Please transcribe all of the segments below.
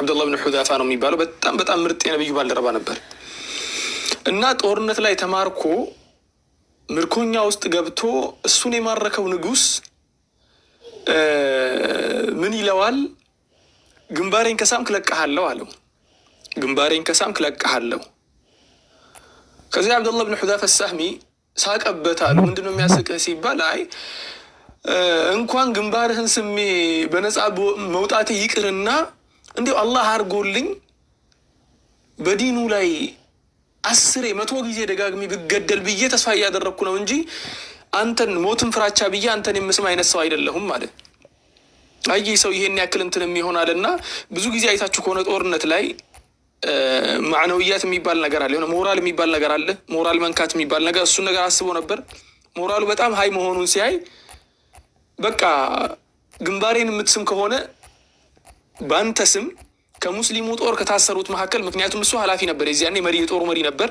አብደላ ብን ሑዛፋ ነው የሚባለው። በጣም በጣም ምርጥ የነብዩ ባልደረባ ነበር እና ጦርነት ላይ ተማርኮ ምርኮኛ ውስጥ ገብቶ እሱን የማረከው ንጉስ ምን ይለዋል? ግንባሬን ከሳምክ ለቀሃለሁ አለው። ግንባሬን ከሳምክ ለቀሃለሁ። ከዚህ አብደላ ብን ሑዛፈ ሳህሚ ሳቀበት አሉ። ምንድነው የሚያስቅህ ሲባል አይ እንኳን ግንባርህን ስሜ በነፃ መውጣት ይቅርና እንዲሁ አላህ አድርጎልኝ በዲኑ ላይ አስሬ መቶ ጊዜ ደጋግሚ ብገደል ብዬ ተስፋ እያደረግኩ ነው እንጂ አንተን ሞትን ፍራቻ ብዬ አንተን የምስም አይነት ሰው አይደለሁም ማለት አየ ሰው ይሄን ያክል እንትንም ይሆናል እና ብዙ ጊዜ አይታችሁ ከሆነ ጦርነት ላይ ማዕነውያት የሚባል ነገር አለ፣ የሆነ ሞራል የሚባል ነገር አለ። ሞራል መንካት የሚባል ነገር እሱን ነገር አስቦ ነበር። ሞራሉ በጣም ሀይ መሆኑን ሲያይ በቃ ግንባሬን የምትስም ከሆነ በአንተ ስም ከሙስሊሙ ጦር ከታሰሩት መካከል ምክንያቱም እሱ ኃላፊ ነበር፣ የዚያ መሪ የጦሩ መሪ ነበር።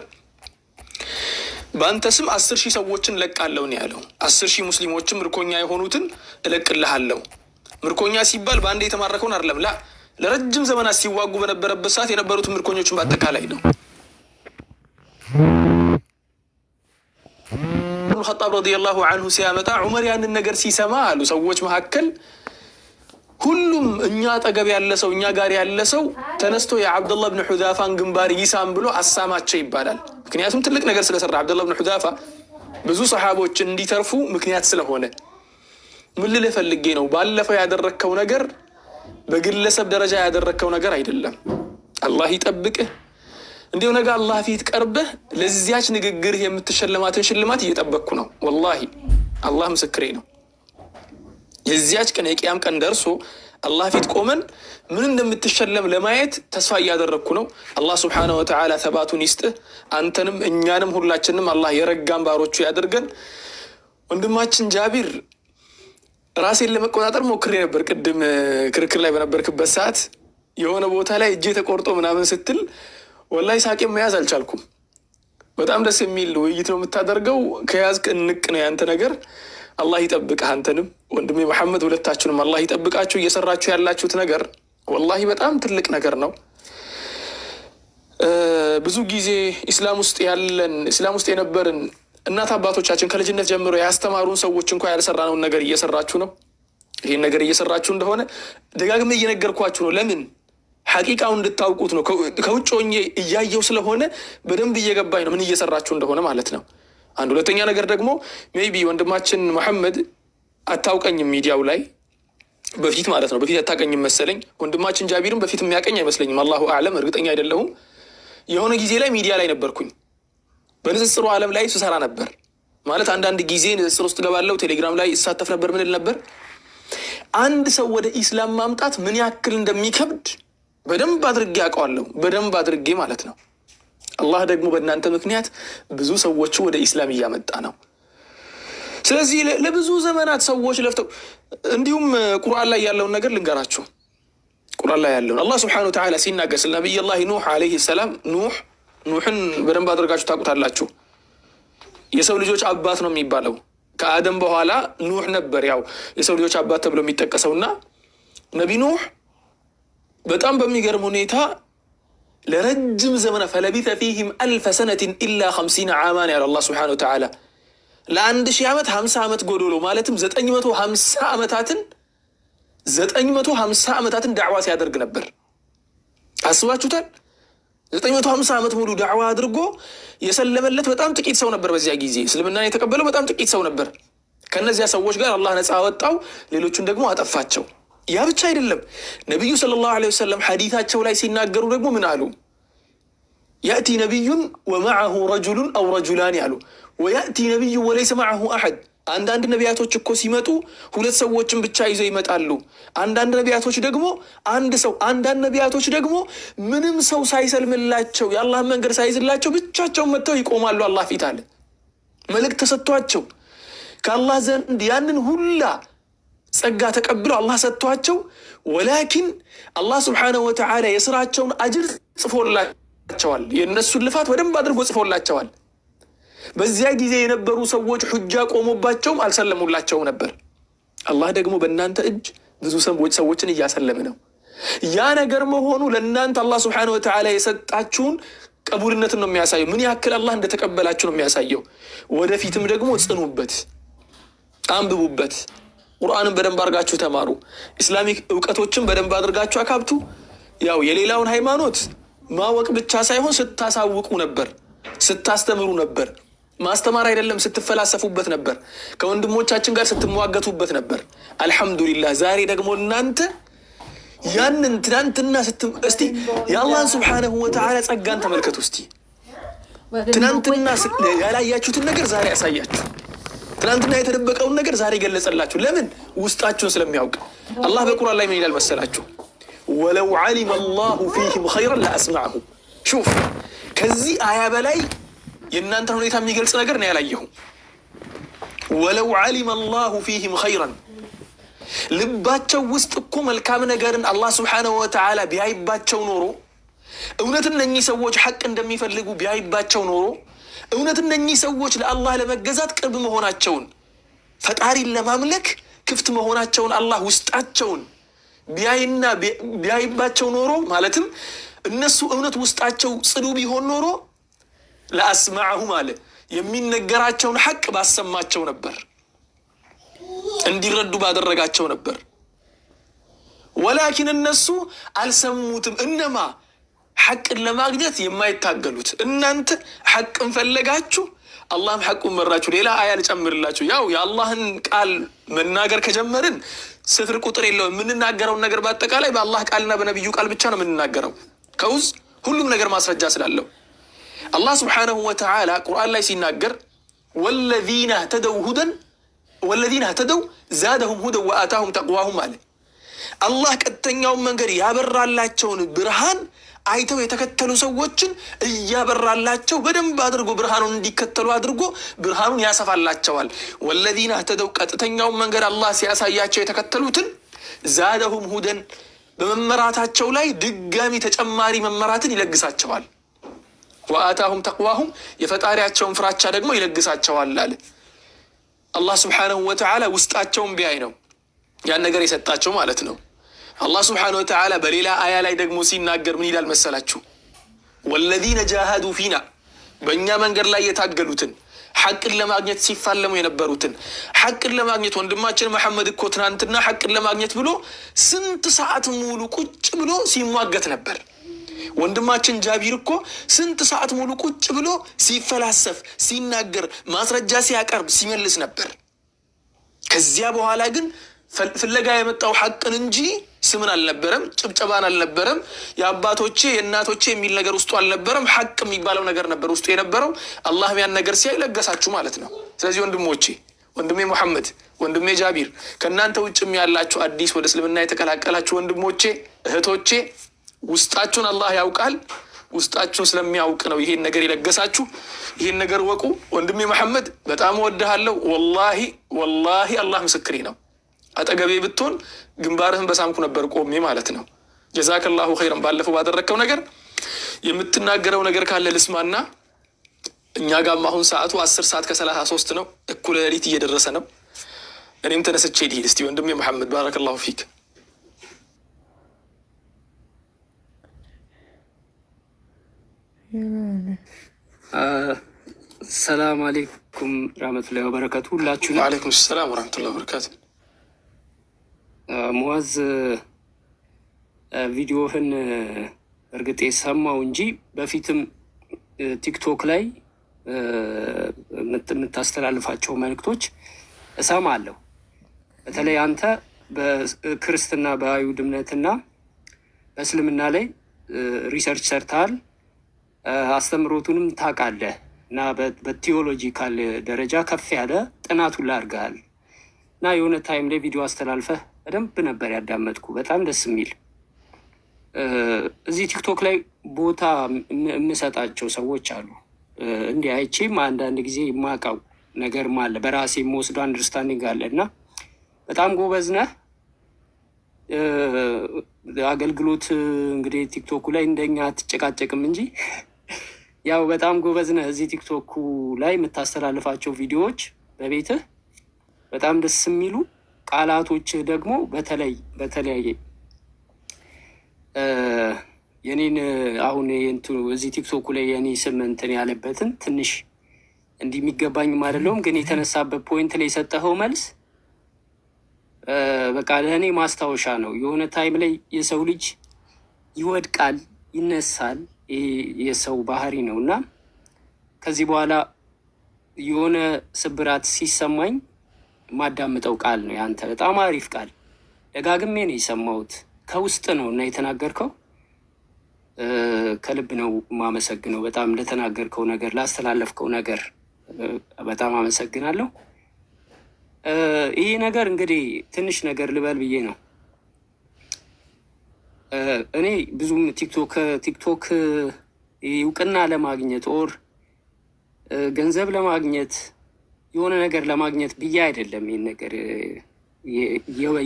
በአንተ ስም አስር ሺህ ሰዎችን እለቃለሁ ነው ያለው። አስር ሺህ ሙስሊሞችን ምርኮኛ የሆኑትን እለቅልሃለሁ። ምርኮኛ ሲባል በአንድ የተማረከውን አይደለም። ላ ለረጅም ዘመናት ሲዋጉ በነበረበት ሰዓት የነበሩትን ምርኮኞችን በአጠቃላይ ነው። ኡመር ኸጣብ ረዲየላሁ አንሁ ሲያመጣ ዑመር ያንን ነገር ሲሰማ አሉ ሰዎች መካከል ሁሉም እኛ አጠገብ ያለ ሰው እኛ ጋር ያለ ሰው ተነስቶ የአብደላ ብን ሑዛፋን ግንባር ይሳም ብሎ አሳማቸው ይባላል። ምክንያቱም ትልቅ ነገር ስለሰራ አብደላ ብን ሑዛፋ ብዙ ሰሓቦችን እንዲተርፉ ምክንያት ስለሆነ፣ ምን ልልህ ፈልጌ ነው፣ ባለፈው ያደረግከው ነገር በግለሰብ ደረጃ ያደረግከው ነገር አይደለም። አላህ ይጠብቅህ። እንዲሁ ነገ አላህ ፊት ቀርበህ ለዚያች ንግግርህ የምትሸለማትን ሽልማት እየጠበቅኩ ነው። ወላሂ አላህ ምስክሬ ነው። የዚያች ቀን የቅያም ቀን ደርሶ አላህ ፊት ቆመን ምን እንደምትሸለም ለማየት ተስፋ እያደረግኩ ነው። አላህ ስብሓነሁ ወተዓላ ተባቱን ይስጥህ። አንተንም እኛንም ሁላችንም አላህ የረጋን ባሮቹ ያደርገን። ወንድማችን ጃቢር ራሴን ለመቆጣጠር ሞክሬ ነበር። ቅድም ክርክር ላይ በነበርክበት ሰዓት የሆነ ቦታ ላይ እጄ ተቆርጦ ምናምን ስትል ወላይ ሳቄም መያዝ አልቻልኩም። በጣም ደስ የሚል ውይይት ነው የምታደርገው። ከያዝክ እንቅ ነው ያንተ ነገር። አላህ ይጠብቅህ አንተንም ወንድሜ መሐመድ ሁለታችሁንም አላህ ይጠብቃችሁ። እየሰራችሁ ያላችሁት ነገር ወላሂ በጣም ትልቅ ነገር ነው። ብዙ ጊዜ ኢስላም ውስጥ ያለን ኢስላም ውስጥ የነበርን እናት አባቶቻችን ከልጅነት ጀምሮ ያስተማሩን ሰዎች እንኳ ያልሰራነውን ነገር እየሰራችሁ ነው። ይህን ነገር እየሰራችሁ እንደሆነ ደጋግሜ እየነገርኳችሁ ነው። ለምን ሐቂቃው እንድታውቁት ነው። ከውጭ ሆኜ እያየው ስለሆነ በደንብ እየገባኝ ነው ምን እየሰራችሁ እንደሆነ ማለት ነው። አንድ ሁለተኛ ነገር ደግሞ ሜይ ቢ ወንድማችን መሐመድ አታውቀኝም ሚዲያው ላይ በፊት ማለት ነው። በፊት አታውቀኝም መሰለኝ። ወንድማችን ጃቢርም በፊት የሚያቀኝ አይመስለኝም። አላሁ አለም፣ እርግጠኛ አይደለሁም። የሆነ ጊዜ ላይ ሚዲያ ላይ ነበርኩኝ። በንጽጽሩ ዓለም ላይ ስሰራ ነበር ማለት አንዳንድ ጊዜ ንጽጽር ውስጥ ገባለው። ቴሌግራም ላይ ይሳተፍ ነበር። ምንል ነበር አንድ ሰው ወደ ኢስላም ማምጣት ምን ያክል እንደሚከብድ በደንብ አድርጌ አውቀዋለሁ። በደንብ አድርጌ ማለት ነው። አላህ ደግሞ በእናንተ ምክንያት ብዙ ሰዎቹ ወደ ኢስላም እያመጣ ነው። ስለዚህ ለብዙ ዘመናት ሰዎች ለፍተው እንዲሁም ቁርአን ላይ ያለውን ነገር ልንገራችሁ። ቁርአን ላይ ያለውን አላህ ስብሐነሁ ወተዓላ ሲናገር ስለ ነቢይላህ ኑህ ዓለይሂ ሰላም ኑህ ኑሕን በደንብ አድርጋችሁ ታውቁታላችሁ። የሰው ልጆች አባት ነው የሚባለው ከአደም በኋላ ኑህ ነበር ያው የሰው ልጆች አባት ተብሎ የሚጠቀሰውና ነቢ ኑህ በጣም በሚገርም ሁኔታ ለረጅም ዘመና ፈለቢተ ፊህም አልፈ ሰነትን ኢላ ኸምሲነ ዓማን ያለ አላህ ስብሓነሁ ወተዓላ ለአንድ ሺህ ዓመት ሀምሳ ዓመት ጎዶሎ ማለትም ዘጠኝ መቶ ሀምሳ ዓመታትን ዘጠኝ መቶ ሀምሳ ዓመታትን ዳዕዋ ሲያደርግ ነበር። አስባችሁታል? ዘጠኝ መቶ ሀምሳ ዓመት ሙሉ ዳዕዋ አድርጎ የሰለመለት በጣም ጥቂት ሰው ነበር። በዚያ ጊዜ እስልምና የተቀበለው በጣም ጥቂት ሰው ነበር። ከእነዚያ ሰዎች ጋር አላህ ነፃ አወጣው፣ ሌሎቹን ደግሞ አጠፋቸው። ያ ብቻ አይደለም። ነቢዩ ሰለላሁ ዐለይሂ ወሰለም ሐዲታቸው ላይ ሲናገሩ ደግሞ ምን አሉ? ያእቲ ነቢዩን ወማዐሁ ረጁሉን አው ረጁላን ያሉ ወያእቲ ነቢዩ ወለይሰ ማዐሁ አሐድ። አንዳንድ ነቢያቶች እኮ ሲመጡ ሁለት ሰዎችን ብቻ ይዘው ይመጣሉ። አንዳንድ ነቢያቶች ደግሞ አንድ ሰው፣ አንዳንድ ነቢያቶች ደግሞ ምንም ሰው ሳይሰልምላቸው የአላህ መንገድ ሳይዝላቸው ብቻቸውን መጥተው ይቆማሉ። አላህ ፊት አለ መልእክት ተሰጥቷቸው ከአላህ ዘንድ ያንን ሁላ ጸጋ ተቀብለው አላህ ሰጥቷቸው፣ ወላኪን አላህ ስብሓነሁ ወተዓላ የስራቸውን አጅር ጽፎላቸዋል። የእነሱን ልፋት በደንብ አድርጎ ጽፎላቸዋል። በዚያ ጊዜ የነበሩ ሰዎች ሑጃ ቆሞባቸውም አልሰለሙላቸው ነበር። አላህ ደግሞ በእናንተ እጅ ብዙ ሰዎች ሰዎችን እያሰለመ ነው። ያ ነገር መሆኑ ለእናንተ አላህ ስብሓነሁ ወተዓላ የሰጣችሁን ቀቡልነትን ነው የሚያሳየው። ምን ያክል አላህ እንደተቀበላችሁ ነው የሚያሳየው። ወደፊትም ደግሞ ጽኑበት፣ አንብቡበት። ቁርአንን በደንብ አድርጋችሁ ተማሩ። ኢስላሚክ እውቀቶችን በደንብ አድርጋችሁ አካብቱ። ያው የሌላውን ሃይማኖት ማወቅ ብቻ ሳይሆን ስታሳውቁ ነበር፣ ስታስተምሩ ነበር። ማስተማር አይደለም ስትፈላሰፉበት ነበር፣ ከወንድሞቻችን ጋር ስትሟገቱበት ነበር። አልሐምዱሊላህ ዛሬ ደግሞ እናንተ ያንን ትናንትና እስቲ የአላህን ስብሓነሁ ወተዓላ ጸጋን ተመልከቱ እስቲ። ትናንትና ያላያችሁትን ነገር ዛሬ ያሳያችሁ። ትናንትና የተደበቀውን ነገር ዛሬ ገለጸላችሁ። ለምን? ውስጣችሁን ስለሚያውቅ አላህ በቁርአን ላይ ምን ይላል መሰላችሁ? ወለው ዓሊመ አላሁ ፊህም ኸይረን ለአስማዐሁም። ሹፍ ከዚህ አያ በላይ የእናንተን ሁኔታ የሚገልጽ ነገር ነው ያላየሁ። ወለው ዓሊመ አላሁ ፊህም ኸይረን ልባቸው ውስጥ እኮ መልካም ነገርን አላህ ስብሓነሁ ወተዓላ ቢያይባቸው ኖሮ እውነት እነኚህ ሰዎች ሐቅ እንደሚፈልጉ ቢያይባቸው ኖሮ እውነትም እነኚህ ሰዎች ለአላህ ለመገዛት ቅርብ መሆናቸውን ፈጣሪን ለማምለክ ክፍት መሆናቸውን አላህ ውስጣቸውን ቢያይና ቢያይባቸው ኖሮ ማለትም እነሱ እውነት ውስጣቸው ጽዱ ቢሆን ኖሮ ለአስማዐሁም አለ የሚነገራቸውን ሐቅ ባሰማቸው ነበር፣ እንዲረዱ ባደረጋቸው ነበር። ወላኪን እነሱ አልሰሙትም። እነማ ሐቅን ለማግኘት የማይታገሉት እናንተ ሐቅን ፈለጋችሁ አላህም ሐቁን መራችሁ። ሌላ አያ ልጨምርላችሁ። ያው የአላህን ቃል መናገር ከጀመርን ስፍር ቁጥር የለውም። የምንናገረውን ነገር በአጠቃላይ በአላህ ቃልና በነቢዩ ቃል ብቻ ነው የምንናገረው ከውዝ ሁሉም ነገር ማስረጃ ስላለው አላህ ስብሓነሁ ወተዓላ ቁርአን ላይ ሲናገር ወለዚነ ተደው ሁደን ወለዚነ ህተደው ዛደሁም ሁደን ወአታሁም ተቅዋሁም አለ። አላህ ቀጥተኛውን መንገድ ያበራላቸውን ብርሃን አይተው የተከተሉ ሰዎችን እያበራላቸው በደንብ አድርጎ ብርሃኑን እንዲከተሉ አድርጎ ብርሃኑን ያሰፋላቸዋል። ወለዚነ እህተደው ቀጥተኛውን መንገድ አላህ ሲያሳያቸው የተከተሉትን ዛደሁም ሁደን በመመራታቸው ላይ ድጋሚ ተጨማሪ መመራትን ይለግሳቸዋል። ወአታሁም ተቅዋሁም የፈጣሪያቸውን ፍራቻ ደግሞ ይለግሳቸዋል አለ አላህ ስብሓነሁ ወተዓላ። ውስጣቸውን ቢያይ ነው ያን ነገር የሰጣቸው ማለት ነው። አላህ ስብሓነሁ ወተዓላ በሌላ አያ ላይ ደግሞ ሲናገር ምን ይላል መሰላችሁ? ወለዚነ ጃሃዱ ፊና በእኛ መንገድ ላይ የታገሉትን ሐቅን ለማግኘት ሲፋለሙ የነበሩትን ሐቅን ለማግኘት ወንድማችን መሐመድ እኮ ትናንትና ሐቅን ለማግኘት ብሎ ስንት ሰዓት ሙሉ ቁጭ ብሎ ሲሟገት ነበር። ወንድማችን ጃቢር እኮ ስንት ሰዓት ሙሉ ቁጭ ብሎ ሲፈላሰፍ፣ ሲናገር፣ ማስረጃ ሲያቀርብ፣ ሲመልስ ነበር። ከዚያ በኋላ ግን ፍለጋ የመጣው ሐቅን እንጂ ስምን አልነበረም፣ ጭብጨባን አልነበረም፣ የአባቶቼ የእናቶቼ የሚል ነገር ውስጡ አልነበረም። ሀቅ የሚባለው ነገር ነበር ውስጡ የነበረው። አላህም ያን ነገር ሲያይ ለገሳችሁ ማለት ነው። ስለዚህ ወንድሞቼ ወንድሜ ሙሐመድ ወንድሜ ጃቢር ከእናንተ ውጭም ያላችሁ አዲስ ወደ እስልምና የተቀላቀላችሁ ወንድሞቼ እህቶቼ፣ ውስጣችሁን አላህ ያውቃል። ውስጣችሁን ስለሚያውቅ ነው ይሄን ነገር የለገሳችሁ። ይሄን ነገር ወቁ። ወንድሜ መሐመድ በጣም እወድሃለሁ። ወላሂ ወላሂ አላህ ምስክሬ ነው። አጠገቤ ብትሆን ግንባርህን በሳምኩ ነበር ቆሜ ማለት ነው። ጀዛከላሁ ኸይረን። ባለፈው ባደረግከው ነገር የምትናገረው ነገር ካለ ልስማና። እኛ ጋም አሁን ሰዓቱ አስር ሰዓት ከሰላሳ ሶስት ነው። እኩለ ሌሊት እየደረሰ ነው። እኔም ተነስቼ ልሂድ። እስቲ ወንድሜ መሐመድ ባረከላሁ ፊክ ሰላም አሌይኩም ረመቱላ ወበረካቱ። ሁላችሁ አሌይኩም ሰላም ወረመቱላ ወበረካቱ። ሙዋዝ ቪዲዮህን እርግጥ የሰማው እንጂ በፊትም ቲክቶክ ላይ የምታስተላልፋቸው መልእክቶች አለሁ በተለይ አንተ በክርስትና በአይሁድ እምነትና በእስልምና ላይ ሪሰርች ሰርተሃል፣ አስተምሮቱንም ታውቃለህ እና በቲዮሎጂካል ደረጃ ከፍ ያለ ጥናቱን ላርገሃል እና የሆነ ታይም ላይ ቪዲዮ አስተላልፈህ በደንብ ነበር ያዳመጥኩ። በጣም ደስ የሚል እዚህ ቲክቶክ ላይ ቦታ የምሰጣቸው ሰዎች አሉ። እንዲህ አይቼም አንዳንድ ጊዜ የማውቀው ነገርም አለ በራሴ የምወስደው አንደርስታንዲንግ አለ እና በጣም ጎበዝ ነህ። አገልግሎት እንግዲህ ቲክቶኩ ላይ እንደኛ አትጨቃጨቅም እንጂ ያው በጣም ጎበዝ ነህ። እዚህ ቲክቶኩ ላይ የምታስተላልፋቸው ቪዲዮዎች በቤትህ በጣም ደስ የሚሉ ቃላቶችህ ደግሞ በተለይ በተለያየ የኔን አሁን እዚህ ቲክቶኩ ላይ የኔ ስም እንትን ያለበትን ትንሽ እንዲህ የሚገባኝም አይደለውም፣ ግን የተነሳበት ፖይንት ላይ የሰጠኸው መልስ በቃ ለእኔ ማስታወሻ ነው። የሆነ ታይም ላይ የሰው ልጅ ይወድቃል፣ ይነሳል። ይሄ የሰው ባህሪ ነው እና ከዚህ በኋላ የሆነ ስብራት ሲሰማኝ የማዳምጠው ቃል ነው ያንተ። በጣም አሪፍ ቃል ደጋግሜ ነው የሰማሁት። ከውስጥ ነው እና የተናገርከው ከልብ ነው የማመሰግነው። በጣም ለተናገርከው ነገር፣ ላስተላለፍከው ነገር በጣም አመሰግናለሁ። ይህ ነገር እንግዲህ ትንሽ ነገር ልበል ብዬ ነው። እኔ ብዙም ቲክቶክ ቲክቶክ እውቅና ለማግኘት ኦር ገንዘብ ለማግኘት የሆነ ነገር ለማግኘት ብዬ አይደለም ይህን ነገር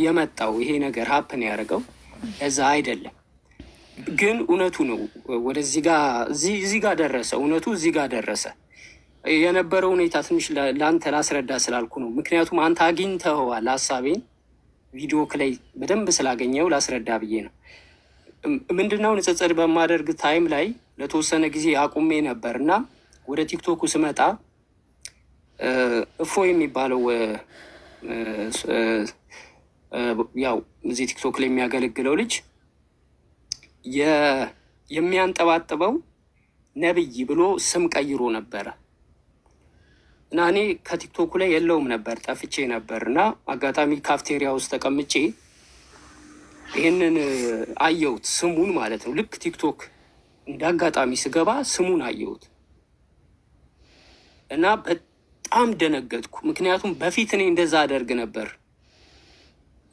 የመጣው ይሄ ነገር ሀፕን ያደረገው እዛ አይደለም። ግን እውነቱ ነው። ወደዚህ ጋ እዚህ ደረሰ። እውነቱ እዚህ ጋ ደረሰ። የነበረው ሁኔታ ትንሽ ለአንተ ላስረዳ ስላልኩ ነው። ምክንያቱም አንተ አግኝተኸዋል። ሀሳቤን ቪዲዮ ክላይ በደንብ ስላገኘው ላስረዳ ብዬ ነው። ምንድነው ንጽጽር በማደርግ ታይም ላይ ለተወሰነ ጊዜ አቁሜ ነበር እና ወደ ቲክቶኩ ስመጣ እፎ የሚባለው ያው እዚህ ቲክቶክ ላይ የሚያገለግለው ልጅ የሚያንጠባጥበው ነብይ ብሎ ስም ቀይሮ ነበረ እና እኔ ከቲክቶኩ ላይ የለውም ነበር ጠፍቼ ነበር እና አጋጣሚ ካፍቴሪያ ውስጥ ተቀምጬ ይህንን አየሁት፣ ስሙን ማለት ነው። ልክ ቲክቶክ እንደ አጋጣሚ ስገባ ስሙን አየሁት እና በጣም ደነገጥኩ። ምክንያቱም በፊት እኔ እንደዛ አደርግ ነበር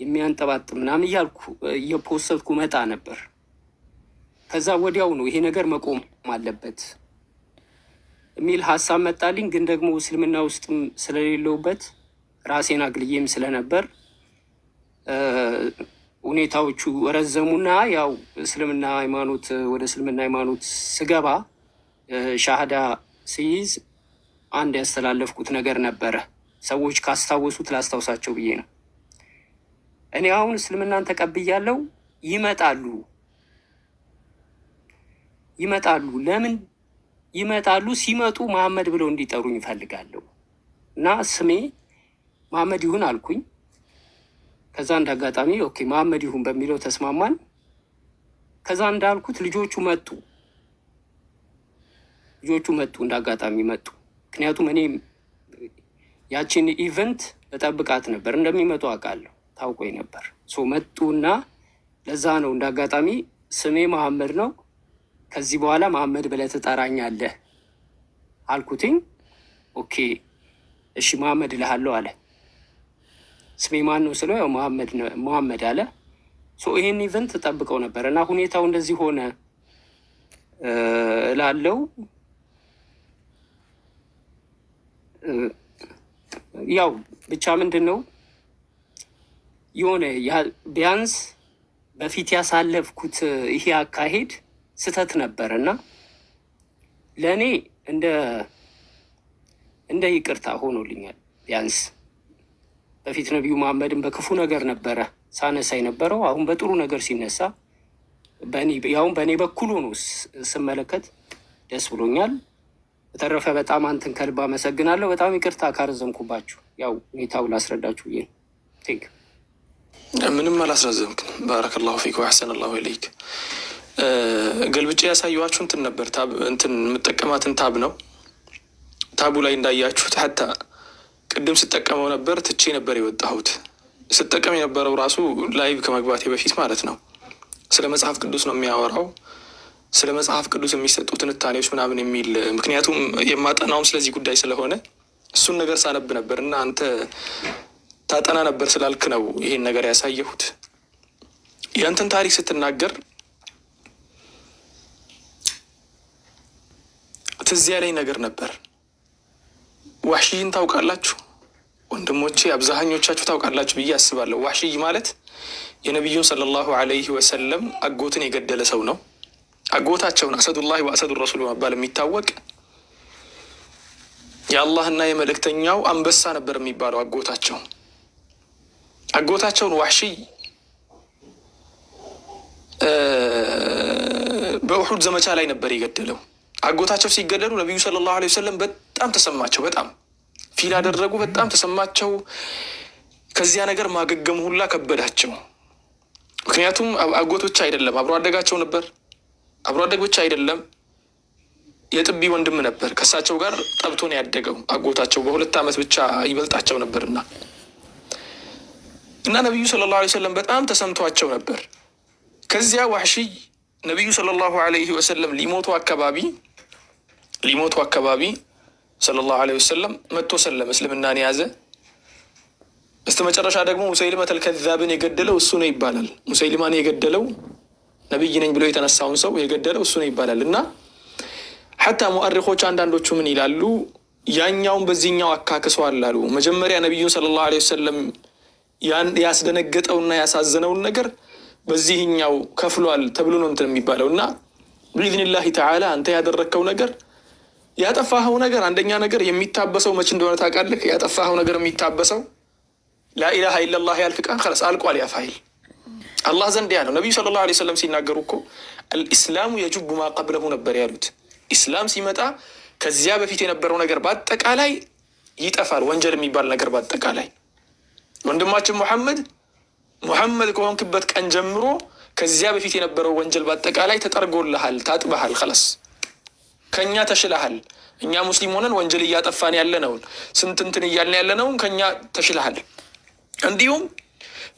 የሚያንጠባጥብ ምናምን እያልኩ እየፖሰትኩ መጣ ነበር። ከዛ ወዲያው ነው ይሄ ነገር መቆም አለበት የሚል ሀሳብ መጣልኝ። ግን ደግሞ እስልምና ውስጥም ስለሌለውበት ራሴን አግልዬም ስለነበር ሁኔታዎቹ ረዘሙና ያው እስልምና ሃይማኖት ወደ እስልምና ሃይማኖት ስገባ ሻህዳ ስይዝ አንድ ያስተላለፍኩት ነገር ነበረ። ሰዎች ካስታወሱት ላስታውሳቸው ብዬ ነው። እኔ አሁን እስልምናን ተቀብያለሁ። ይመጣሉ ይመጣሉ። ለምን ይመጣሉ? ሲመጡ መሐመድ ብለው እንዲጠሩኝ እፈልጋለሁ እና ስሜ መሐመድ ይሁን አልኩኝ። ከዛ እንደ አጋጣሚ ኦኬ መሐመድ ይሁን በሚለው ተስማማን። ከዛ እንዳልኩት ልጆቹ መጡ ልጆቹ መጡ፣ እንደ አጋጣሚ መጡ። ምክንያቱም እኔ ያችን ኢቨንት እጠብቃት ነበር፣ እንደሚመጡ አውቃለሁ፣ ታውቆኝ ነበር። መጡና ለዛ ነው እንደ አጋጣሚ ስሜ መሐመድ ነው፣ ከዚህ በኋላ መሐመድ ብለህ ትጠራኛለህ አልኩትኝ። ኦኬ እሺ መሐመድ እልሃለሁ አለ። ስሜ ማን ነው ስለው ያው መሐመድ አለ። ይህን ኢቨንት ጠብቀው ነበር እና ሁኔታው እንደዚህ ሆነ እላለው። ያው ብቻ ምንድን ነው የሆነ ቢያንስ በፊት ያሳለፍኩት ይሄ አካሄድ ስህተት ነበር እና ለእኔ እንደ እንደ ይቅርታ ሆኖልኛል። ቢያንስ በፊት ነቢዩ መሐመድን በክፉ ነገር ነበረ ሳነሳ የነበረው አሁን በጥሩ ነገር ሲነሳ ያሁን በእኔ በኩል ሆኖ ስመለከት ደስ ብሎኛል። በተረፈ በጣም አንተን ከልብ አመሰግናለሁ። በጣም ይቅርታ ካረዘምኩባችሁ፣ ያው ሁኔታው ላስረዳችሁ ብዬ ምንም አላስረዘምክ። ባረከላሁ ፊክ ወአሕሰን ላሁ ኢለይክ። ገልብጬ ያሳየኋችሁ እንትን ነበር እንትን የምጠቀማትን ታብ ነው። ታቡ ላይ እንዳያችሁት ሀታ ቅድም ስጠቀመው ነበር ትቼ ነበር የወጣሁት። ስጠቀም የነበረው ራሱ ላይቭ ከመግባቴ በፊት ማለት ነው። ስለ መጽሐፍ ቅዱስ ነው የሚያወራው ስለ መጽሐፍ ቅዱስ የሚሰጡ ትንታኔዎች ምናምን የሚል ምክንያቱም የማጠናውም ስለዚህ ጉዳይ ስለሆነ እሱን ነገር ሳነብ ነበር እና አንተ ታጠና ነበር ስላልክ ነው ይሄን ነገር ያሳየሁት። ያንተን ታሪክ ስትናገር ትዝ ያለኝ ነገር ነበር። ዋሽይን ታውቃላችሁ ወንድሞቼ? አብዛኞቻችሁ ታውቃላችሁ ብዬ አስባለሁ። ዋሽይ ማለት የነቢዩን ሰለላሁ አለይህ ወሰለም አጎትን የገደለ ሰው ነው። አጎታቸውን አሰዱላሂ ወአሰዱ ረሱል በመባል የሚታወቅ የአላህና የመልእክተኛው አንበሳ ነበር የሚባለው አጎታቸው። አጎታቸውን ዋሺ በውሑድ ዘመቻ ላይ ነበር የገደለው። አጎታቸው ሲገደሉ ነቢዩ ሰለላሁ ዐለይሂ ወሰለም በጣም ተሰማቸው። በጣም ፊል አደረጉ። በጣም ተሰማቸው። ከዚያ ነገር ማገገም ሁላ ከበዳቸው። ምክንያቱም አጎት አይደለም አብሮ አደጋቸው ነበር። አብሮ አደግ ብቻ አይደለም፣ የጥቢ ወንድም ነበር። ከእሳቸው ጋር ጠብቶ ነው ያደገው። አጎታቸው በሁለት ዓመት ብቻ ይበልጣቸው ነበርና እና ነቢዩ ሰለላሁ ዐለይሂ ወሰለም በጣም ተሰምቷቸው ነበር። ከዚያ ዋሕሺይ ነቢዩ ሰለላሁ ዐለይሂ ወሰለም ሊሞቱ አካባቢ ሊሞቱ አካባቢ ሰለላሁ ዐለይሂ ወሰለም መጥቶ ሰለም እስልምናን የያዘ መጨረሻ ደግሞ ሙሰይልመተል ከዛብን የገደለው እሱ ነው ይባላል። ሙሰይልማን የገደለው ነቢይ ነኝ ብሎ የተነሳውን ሰው የገደለው እሱ ነው ይባላል። እና ሐታ ሙአሪኮች አንዳንዶቹ ምን ይላሉ? ያኛውን በዚህኛው አካክሰዋል አሉ። መጀመሪያ ነቢዩን ሰለላሁ ዐለይሂ ወሰለም ያስደነገጠውና ያሳዘነውን ነገር በዚህኛው ከፍሏል ተብሎ ነው እንትን የሚባለው እና ብኢዝኒላሂ ተዓላ አንተ ያደረግከው ነገር ያጠፋኸው ነገር አንደኛ ነገር የሚታበሰው መች እንደሆነ ታውቃለህ። ያጠፋኸው ነገር የሚታበሰው ላኢላሃ ኢለላህ ያልክ ቃል አልቋል። ያ ፋይል አላህ ዘንድ ያለው ነቢዩ ሰለላሁ ዐለይሂ ወሰለም ሲናገሩ እኮ አልኢስላሙ የጁቡ ማቀብለሁ ነበር ያሉት። ኢስላም ሲመጣ ከዚያ በፊት የነበረው ነገር በአጠቃላይ ይጠፋል። ወንጀል የሚባል ነገር በአጠቃላይ ወንድማችን ሙሐመድ ሙሐመድ ከሆንክበት ቀን ጀምሮ ከዚያ በፊት የነበረው ወንጀል በአጠቃላይ ተጠርጎልሃል፣ ታጥበሃል፣ ከለስ ከእኛ ተሽለሃል። እኛ ሙስሊም ሆነን ወንጀል እያጠፋን ያለነውን ስንትንትን እያልን ያለነውን ከእኛ ተሽለሃል። እንዲሁም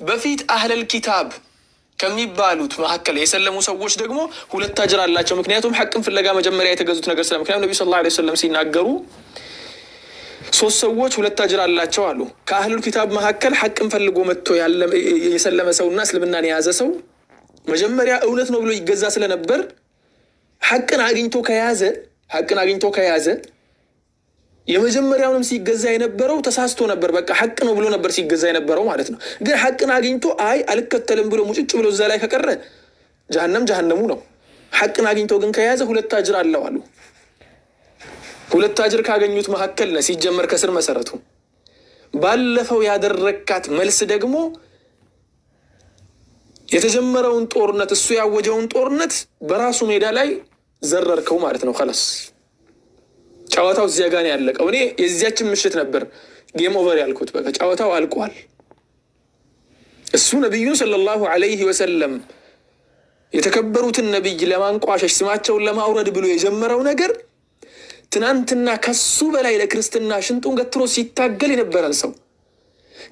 በፊት አህለል ኪታብ ከሚባሉት መካከል የሰለሙ ሰዎች ደግሞ ሁለት አጅር አላቸው። ምክንያቱም ሐቅም ፍለጋ መጀመሪያ የተገዙት ነገር ስለ ምክንያቱም ነቢዩ ሰለላሁ ዐለይሂ ወሰለም ሲናገሩ ሶስት ሰዎች ሁለት አጅር አላቸው አሉ። ከአህሉል ኪታብ መካከል ሐቅም ፈልጎ መጥቶ የሰለመ ሰውና እስልምናን የያዘ ሰው መጀመሪያ እውነት ነው ብሎ ይገዛ ስለነበር ሐቅን አግኝቶ ከያዘ ሐቅን አግኝቶ ከያዘ የመጀመሪያውንም ሲገዛ የነበረው ተሳስቶ ነበር። በቃ ሀቅ ነው ብሎ ነበር ሲገዛ የነበረው ማለት ነው። ግን ሀቅን አግኝቶ አይ አልከተልም ብሎ ሙጭጭ ብሎ እዛ ላይ ከቀረ ጀሀነም ጀሃነሙ ነው። ሀቅን አግኝቶ ግን ከያዘ ሁለት አጅር አለው አሉ። ሁለት አጅር ካገኙት መካከል ነ ሲጀመር ከስር መሰረቱ ባለፈው ያደረካት መልስ ደግሞ የተጀመረውን ጦርነት እሱ ያወጀውን ጦርነት በራሱ ሜዳ ላይ ዘረርከው ማለት ነው። ከላስ ጨዋታው እዚያ ጋር ያለቀው። እኔ የዚያችን ምሽት ነበር ጌም ኦቨር ያልኩት። በቃ ጨዋታው አልቋል። እሱ ነቢዩን ሰለላሁ አለይህ ወሰለም የተከበሩትን ነቢይ ለማንቋሸሽ ስማቸውን ለማውረድ ብሎ የጀመረው ነገር ትናንትና ከሱ በላይ ለክርስትና ሽንጡን ገትሮ ሲታገል የነበረን ሰው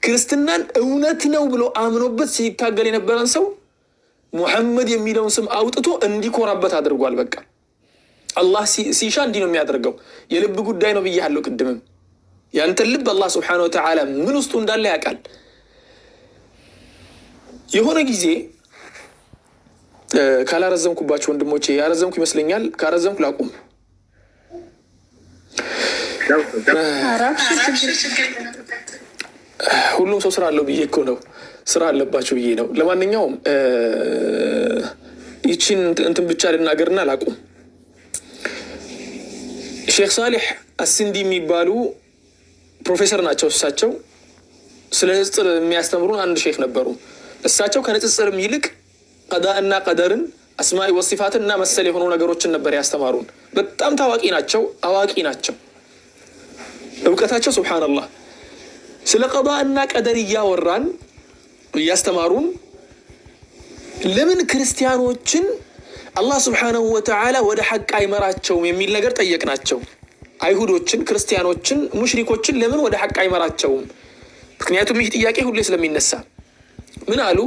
ክርስትናን እውነት ነው ብሎ አምኖበት ሲታገል የነበረን ሰው ሙሐመድ የሚለውን ስም አውጥቶ እንዲኮራበት አድርጓል። በቃ አላህ ሲሻ እንዲህ ነው የሚያደርገው። የልብ ጉዳይ ነው ብያለሁ ቅድምም። ያንተ ልብ አላህ ስብሐነሁ ወተዓላ ምን ውስጡ እንዳለ ያውቃል። የሆነ ጊዜ ካላረዘምኩባቸው ወንድሞቼ፣ ያረዘምኩ ይመስለኛል። ካረዘምኩ ላቁም። ሁሉም ሰው ስራ አለው ብዬ እኮ ነው፣ ስራ አለባቸው ብዬ ነው። ለማንኛውም ይቺን እንትን ብቻ ልናገርና ላቁም። ሼክ ሳሌሕ አስንዲ የሚባሉ ፕሮፌሰር ናቸው። እሳቸው ስለ ንጽጽር የሚያስተምሩን አንድ ሼክ ነበሩ። እሳቸው ከንጽጽርም ይልቅ ቀዳ እና ቀደርን አስማኢ ወሲፋትን እና መሰል የሆኑ ነገሮችን ነበር ያስተማሩን። በጣም ታዋቂ ናቸው፣ አዋቂ ናቸው። እውቀታቸው ሱብሓነላህ። ስለ ቀዳ እና ቀደር እያወራን እያስተማሩን ለምን ክርስቲያኖችን አላህ ስብሓነሁ ወተዓላ ወደ ሐቅ አይመራቸውም የሚል ነገር ጠየቅናቸው። አይሁዶችን፣ ክርስቲያኖችን፣ ሙሽሪኮችን ለምን ወደ ሐቅ አይመራቸውም? ምክንያቱም ይህ ጥያቄ ሁሌ ስለሚነሳ ምን አሉ?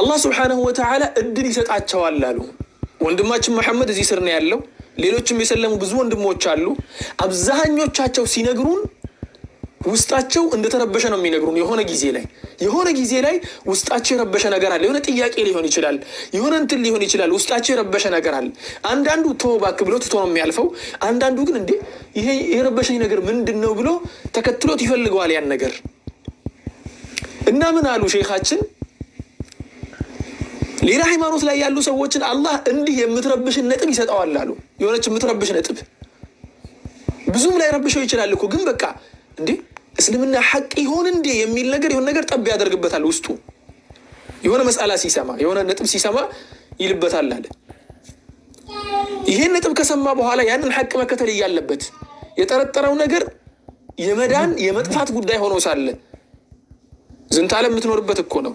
አላህ ስብሓነሁ ወተዓላ እድል ይሰጣቸዋል አሉ። ወንድማችን መሐመድ እዚህ ስር ነው ያለው። ሌሎችም የሰለሙ ብዙ ወንድሞች አሉ። አብዛኞቻቸው ሲነግሩን ውስጣቸው እንደተረበሸ ነው የሚነግሩን። የሆነ ጊዜ ላይ የሆነ ጊዜ ላይ ውስጣቸው የረበሸ ነገር አለ። የሆነ ጥያቄ ሊሆን ይችላል፣ የሆነ እንትን ሊሆን ይችላል። ውስጣቸው የረበሸ ነገር አለ። አንዳንዱ ቶ ባክ ብሎ ትቶ ነው የሚያልፈው። አንዳንዱ ግን እንዴ ይሄ የረበሸኝ ነገር ምንድን ነው ብሎ ተከትሎት ይፈልገዋል ያን ነገር እና ምን አሉ ሼካችን ሌላ ሃይማኖት ላይ ያሉ ሰዎችን አላህ እንዲህ የምትረብሽን ነጥብ ይሰጠዋል አሉ። የሆነች የምትረብሽ ነጥብ ብዙም ላይ ረብሸው ይችላል እኮ ግን በቃ እንዲህ እስልምና ሀቅ ይሆን እንዴ የሚል ነገር የሆነ ነገር ጠብ ያደርግበታል። ውስጡ የሆነ መስአላ ሲሰማ የሆነ ነጥብ ሲሰማ ይልበታል አለ። ይሄን ነጥብ ከሰማ በኋላ ያንን ሀቅ መከተል እያለበት የጠረጠረው ነገር የመዳን የመጥፋት ጉዳይ ሆኖ ሳለ ዝንተ ዓለም የምትኖርበት እኮ ነው።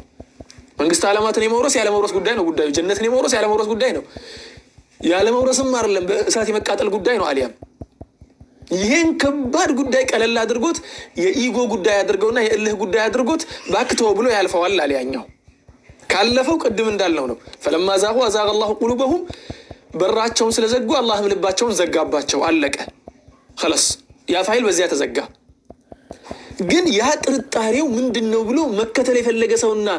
መንግስት ዓለማትን የመውረስ ያለመውረስ ጉዳይ ነው ጉዳዩ። ጀነትን የመውረስ ያለመውረስ ጉዳይ ነው። ያለመውረስም አይደለም በእሳት የመቃጠል ጉዳይ ነው አሊያም ይህን ከባድ ጉዳይ ቀለል አድርጎት የኢጎ ጉዳይ አድርገውና የእልህ ጉዳይ አድርጎት ባክቶ ብሎ ያልፈዋል። አልያኛው ካለፈው ቅድም እንዳልነው ነው። ፈለማ ዛሁ አዛቅ ላሁ ቁሉበሁም በራቸውን ስለዘጉ አላህም ልባቸውን ዘጋባቸው። አለቀ። ለስ ያ ፋይል በዚያ ተዘጋ። ግን ያ ጥርጣሬው ምንድን ነው ብሎ መከተል የፈለገ ሰውና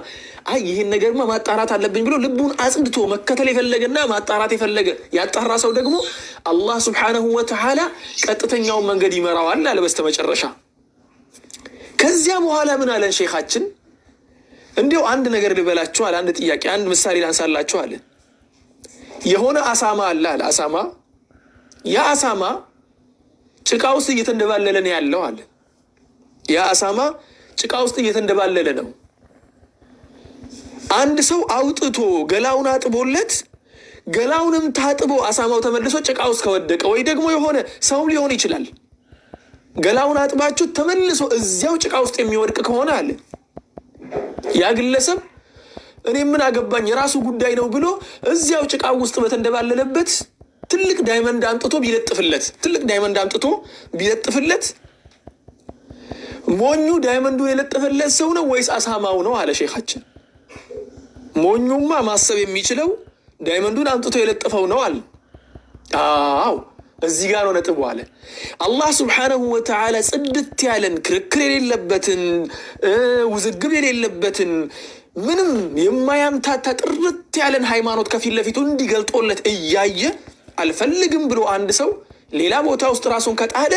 አይ ይህን ነገርማ ማጣራት አለብኝ ብሎ ልቡን አጽድቶ መከተል የፈለገና ማጣራት የፈለገ ያጣራ ሰው ደግሞ አላህ ስብሓነሁ ወተዓላ ቀጥተኛውን መንገድ ይመራዋል አለ በስተመጨረሻ። ከዚያ በኋላ ምን አለን ሼኻችን? እንዲያው አንድ ነገር ልበላችኋል። አንድ ጥያቄ፣ አንድ ምሳሌ ላንሳላችኋል። የሆነ አሳማ አለ አለ አሳማ ያ አሳማ ጭቃ ውስጥ እየተንደባለለን ያለው አለ ያ አሳማ ጭቃ ውስጥ እየተንደባለለ ነው። አንድ ሰው አውጥቶ ገላውን አጥቦለት ገላውንም ታጥቦ አሳማው ተመልሶ ጭቃ ውስጥ ከወደቀ ወይ ደግሞ የሆነ ሰው ሊሆን ይችላል ገላውን አጥባችሁ ተመልሶ እዚያው ጭቃ ውስጥ የሚወድቅ ከሆነ አለ ያ ግለሰብ እኔ ምን አገባኝ የራሱ ጉዳይ ነው ብሎ እዚያው ጭቃ ውስጥ በተንደባለለበት ትልቅ ዳይመንድ አምጥቶ ቢለጥፍለት ትልቅ ዳይመንድ አምጥቶ ቢለጥፍለት ሞኙ ዳይመንዱን የለጠፈለት ሰው ነው ወይስ አሳማው ነው አለ ሼካችን ሞኙማ ማሰብ የሚችለው ዳይመንዱን አምጥቶ የለጠፈው ነው አለ። አዎ እዚህ ጋር ነው ነጥቡ አለ። አላህ ስብሓነሁ ወተዓላ ጽድት ያለን ክርክር የሌለበትን ውዝግብ የሌለበትን ምንም የማያምታታ ጥርት ያለን ሃይማኖት ከፊት ለፊቱ እንዲገልጦለት እያየ አልፈልግም ብሎ አንድ ሰው ሌላ ቦታ ውስጥ ራሱን ከጣደ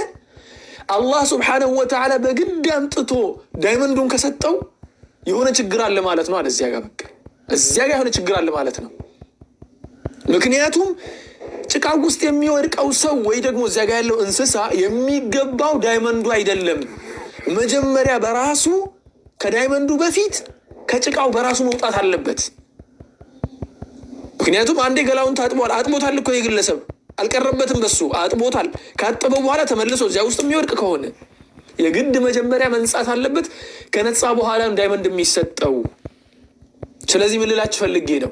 አላህ ስብሓነሁ ወተዓላ በግድ አምጥቶ ዳይመንዱን ከሰጠው የሆነ ችግር አለ ማለት ነው አለ። እዚያ ጋር በቃ እዚያ ጋር የሆነ ችግር አለ ማለት ነው። ምክንያቱም ጭቃ ውስጥ የሚወድቀው ሰው ወይ ደግሞ እዚያ ጋር ያለው እንስሳ የሚገባው ዳይመንዱ አይደለም። መጀመሪያ በራሱ ከዳይመንዱ በፊት ከጭቃው በራሱ መውጣት አለበት። ምክንያቱም አንዴ ገላውን ታጥቧል። አጥቦታል እኮ የግለሰብ አልቀረበትም። በሱ አጥቦታል። ካጠበው በኋላ ተመልሶ እዚያ ውስጥ የሚወድቅ ከሆነ የግድ መጀመሪያ መንጻት አለበት። ከነጻ በኋላ ዳይመንድ የሚሰጠው። ስለዚህ ምን ልላችሁ ፈልጌ ነው፣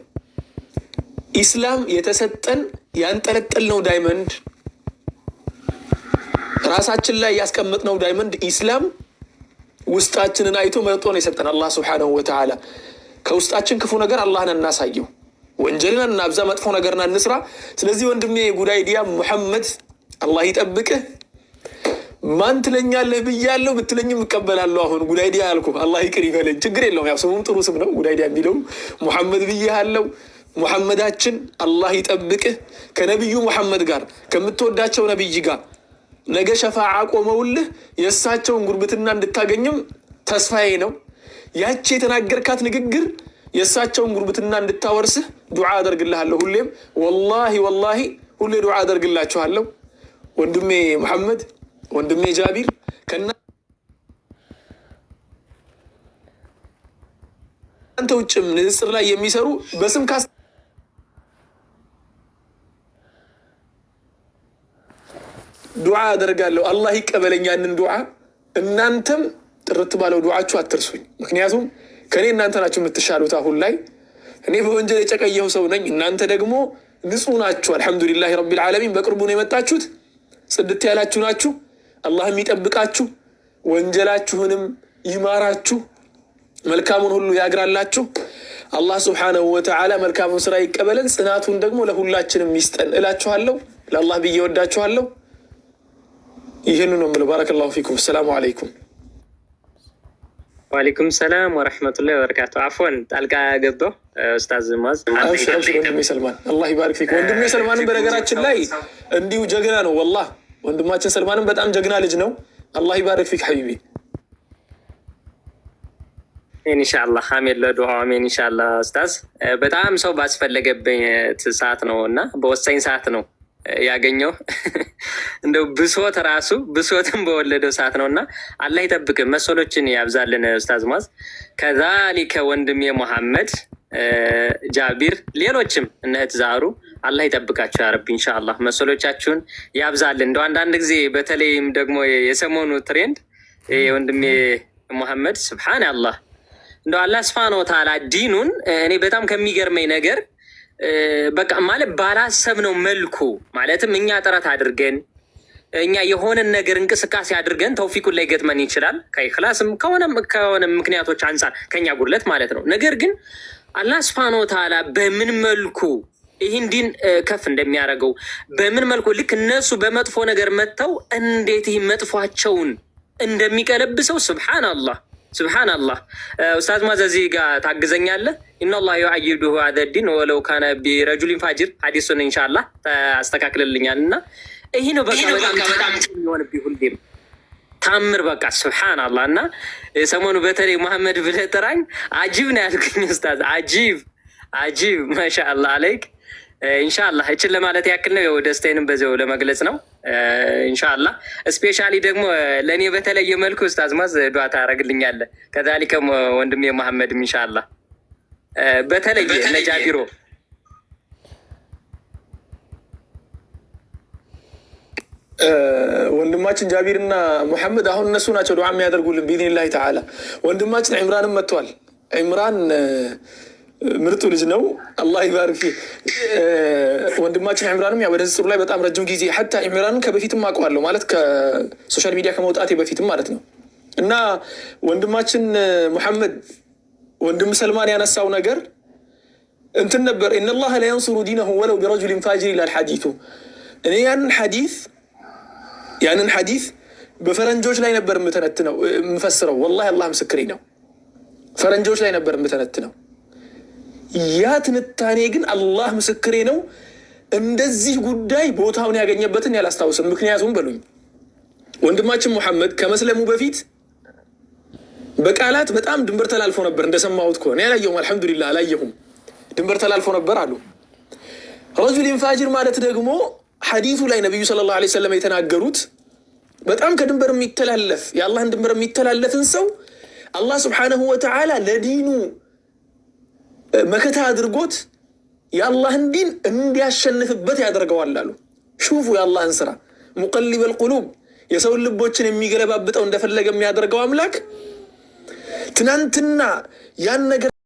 ኢስላም የተሰጠን ያንጠለጠልነው ዳይመንድ ራሳችን ላይ ያስቀመጥነው ዳይመንድ ኢስላም ውስጣችንን አይቶ መርጦ ነው የሰጠን አላህ ስብሓነሁ ወተዓላ። ከውስጣችን ክፉ ነገር አላህን እናሳየው። ወንጀልን እናብዛ፣ መጥፎ ነገርን እንስራ። ስለዚህ ወንድሜ ጉዳይ ዲያ ሙሐመድ አላህ ይጠብቅህ። ማን ትለኛለህ ብያለሁ ብትለኝም እቀበላለሁ። አሁን ጉዳይ ዲያ አልኩ፣ አላህ ይቅር ይበለኝ። ችግር የለውም ያው ስሙም ጥሩ ስም ነው፣ ጉዳይ ዲያ የሚለው ሙሐመድ አለው። ሙሐመዳችን አላህ ይጠብቅህ። ከነቢዩ ሙሐመድ ጋር ከምትወዳቸው ነቢይ ጋር ነገ ሸፋዓ ቆመውልህ የእሳቸውን ጉርብትና እንድታገኝም ተስፋዬ ነው። ያቺ የተናገርካት ንግግር የእሳቸውን ጉርብትና እንድታወርስህ ዱዓ አደርግልሃለሁ። ሁሌም ወላሂ ወላሂ ሁሌ ዱዓ አደርግላችኋለሁ። ወንድሜ መሐመድ፣ ወንድሜ ጃቢር ከእናንተ ውጭም ንጽጽር ላይ የሚሰሩ በስም ካስ ዱዓ አደርጋለሁ። አላህ ይቀበለኛንን ያንን ዱዓ። እናንተም ጥርት ባለው ዱዓችሁ አትርሱኝ። ምክንያቱም ከእኔ እናንተ ናችሁ የምትሻሉት። አሁን ላይ እኔ በወንጀል የጨቀየሁ ሰው ነኝ፣ እናንተ ደግሞ ንጹህ ናችሁ። አልሐምዱሊላህ ረቢል ዓለሚን። በቅርቡ ነው የመጣችሁት፣ ጽድት ያላችሁ ናችሁ። አላህም ይጠብቃችሁ፣ ወንጀላችሁንም ይማራችሁ፣ መልካሙን ሁሉ ያግራላችሁ። አላህ ስብሓነሁ ወተዓላ መልካሙን ስራ ይቀበለን፣ ጽናቱን ደግሞ ለሁላችንም ይስጠን እላችኋለሁ። ለአላህ ብዬ ወዳችኋለሁ። ይህን ነው የምለው። ባረከላሁ ፊኩም። አሰላሙ አለይኩም ዋሌኩም ሰላም ወረሕመቱላ ወበረካቱ። አፎን ጣልቃ ገባው ኡስታዝ ማዝ ወንድሜ ሰልማን አላህ ይባርክ ፊክ። ወንድሜ ሰልማንም በነገራችን ላይ እንዲሁ ጀግና ነው። ወላሂ ወንድማችን ሰልማንም በጣም ጀግና ልጅ ነው። አላህ ይባርክ ፊክ ሐቢቢ። ኢንሻላ ሐሜድ ለዱዓ አሜን። ኢንሻላ ኡስታዝ በጣም ሰው ባስፈለገበት ሰዓት ነው እና በወሳኝ ሰዓት ነው ያገኘው እንደው ብሶት ራሱ ብሶትን በወለደው ሰዓት ነው እና አላህ ይጠብቅ፣ መሰሎችን ያብዛልን። ኡስታዝ ሙአዝ ከዛሊከ ወንድሜ ሙሐመድ ጃቢር፣ ሌሎችም እነህት ዛሩ አላህ ይጠብቃቸው ያረብ ኢንሻአላህ መሰሎቻችሁን ያብዛልን። እንደው አንዳንድ ጊዜ በተለይም ደግሞ የሰሞኑ ትሬንድ ወንድሜ ሙሐመድ ስብሓን አላህ እንደው አላህ ስብሓን ወተዓላ ዲኑን እኔ በጣም ከሚገርመኝ ነገር በቃ ማለት ባላሰብነው መልኩ ማለትም እኛ ጥረት አድርገን እኛ የሆነን ነገር እንቅስቃሴ አድርገን ተውፊቁን ላይ ገጥመን ይችላል። ከይክላስም ከሆነ ከሆነ ምክንያቶች አንጻር ከኛ ጉድለት ማለት ነው። ነገር ግን አላህ ስብሐነ ወተዓላ በምን መልኩ ይህን ዲን ከፍ እንደሚያደርገው በምን መልኩ ልክ እነሱ በመጥፎ ነገር መጥተው እንዴት ይህ መጥፏቸውን እንደሚቀለብሰው ስብሓን አላህ ስብሓንላህ ኡስታዝ ማዝ እዚህ ጋር ታግዘኛለህ። ኢናላ ዩዓይዱ አደዲን ወለው ካነ ቢረጁሊን ፋጅር ሀዲሱን እንሻላ አስተካክልልኛል እና ይህ ነው በቃ በጣም ሆንብ ሁሌም ታምር በቃ ስብሓንላህ። እና ሰሞኑ በተለይ መሐመድ ብለህ ጥራኝ አጂብ ነው ያልኩኝ ኡስታዝ። አጂብ አጂብ ማሻአላህ አለይክ ኢንሻላህ እችን ለማለት ያክል ነው። ያው ደስታዬንም በዚያው ለመግለጽ ነው። እንሻላ እስፔሻሊ ደግሞ ለእኔ በተለየ መልኩ ኡስታዝ ማዝ ዱዓ ታደርግልኛለህ። ከዛሊከም ወንድሜ መሐመድም እንሻላ በተለየ ለጃቢሮ ወንድማችን ጃቢር እና ሙሐመድ አሁን እነሱ ናቸው ዱዓ የሚያደርጉልን ቢኢዝኒላሂ ተዓላ። ወንድማችን ዕምራንም መጥቷል። ዒምራን ምርጡ ልጅ ነው። አላህ ይባርክ። ወንድማችን ዕምራንም ያው ወደዚህ ላይ በጣም ረጅም ጊዜ ሐታ ዕምራንን ከበፊትም አውቀዋለሁ ማለት ከሶሻል ሚዲያ ከመውጣቴ በፊትም ማለት ነው። እና ወንድማችን ሙሐመድ ወንድም ሰልማን ያነሳው ነገር እንትን ነበር። ኢነላህ ለየንሱሩ ዲነሁ ወለው ቢረጁሊን ፋጅር ይላል ሐዲቱ። እኔ ያንን ሐዲስ ያንን ሐዲስ በፈረንጆች ላይ ነበር የምተነትነው የምፈስረው። ወላሂ አላህ ምስክሬ ነው። ፈረንጆች ላይ ነበር የምተነትነው ያ ትንታኔ ግን አላህ ምስክሬ ነው እንደዚህ ጉዳይ ቦታውን ያገኘበትን ያላስታውስም። ምክንያቱም በሉኝ ወንድማችን ሙሐመድ ከመስለሙ በፊት በቃላት በጣም ድንበር ተላልፎ ነበር። እንደሰማሁት ከሆነ ያላየሁም፣ አልሐምዱሊላህ አላየሁም። ድንበር ተላልፎ ነበር አሉ። ረጁሊን ፋጅር ማለት ደግሞ ሐዲቱ ላይ ነቢዩ ሰለላሁ ዐለይሂ ወሰለም የተናገሩት በጣም ከድንበር የሚተላለፍ የአላህን ድንበር የሚተላለፍን ሰው አላህ ስብሓነሁ ወተዓላ ለዲኑ መከታ አድርጎት የአላህን ዲን እንዲያሸንፍበት ያደርገዋል አሉ። ሹፉ የአላህን ስራ ሙቀሊበ ቁሉብ የሰውን ልቦችን የሚገለባብጠው እንደፈለገ የሚያደርገው አምላክ ትናንትና ያን ነገር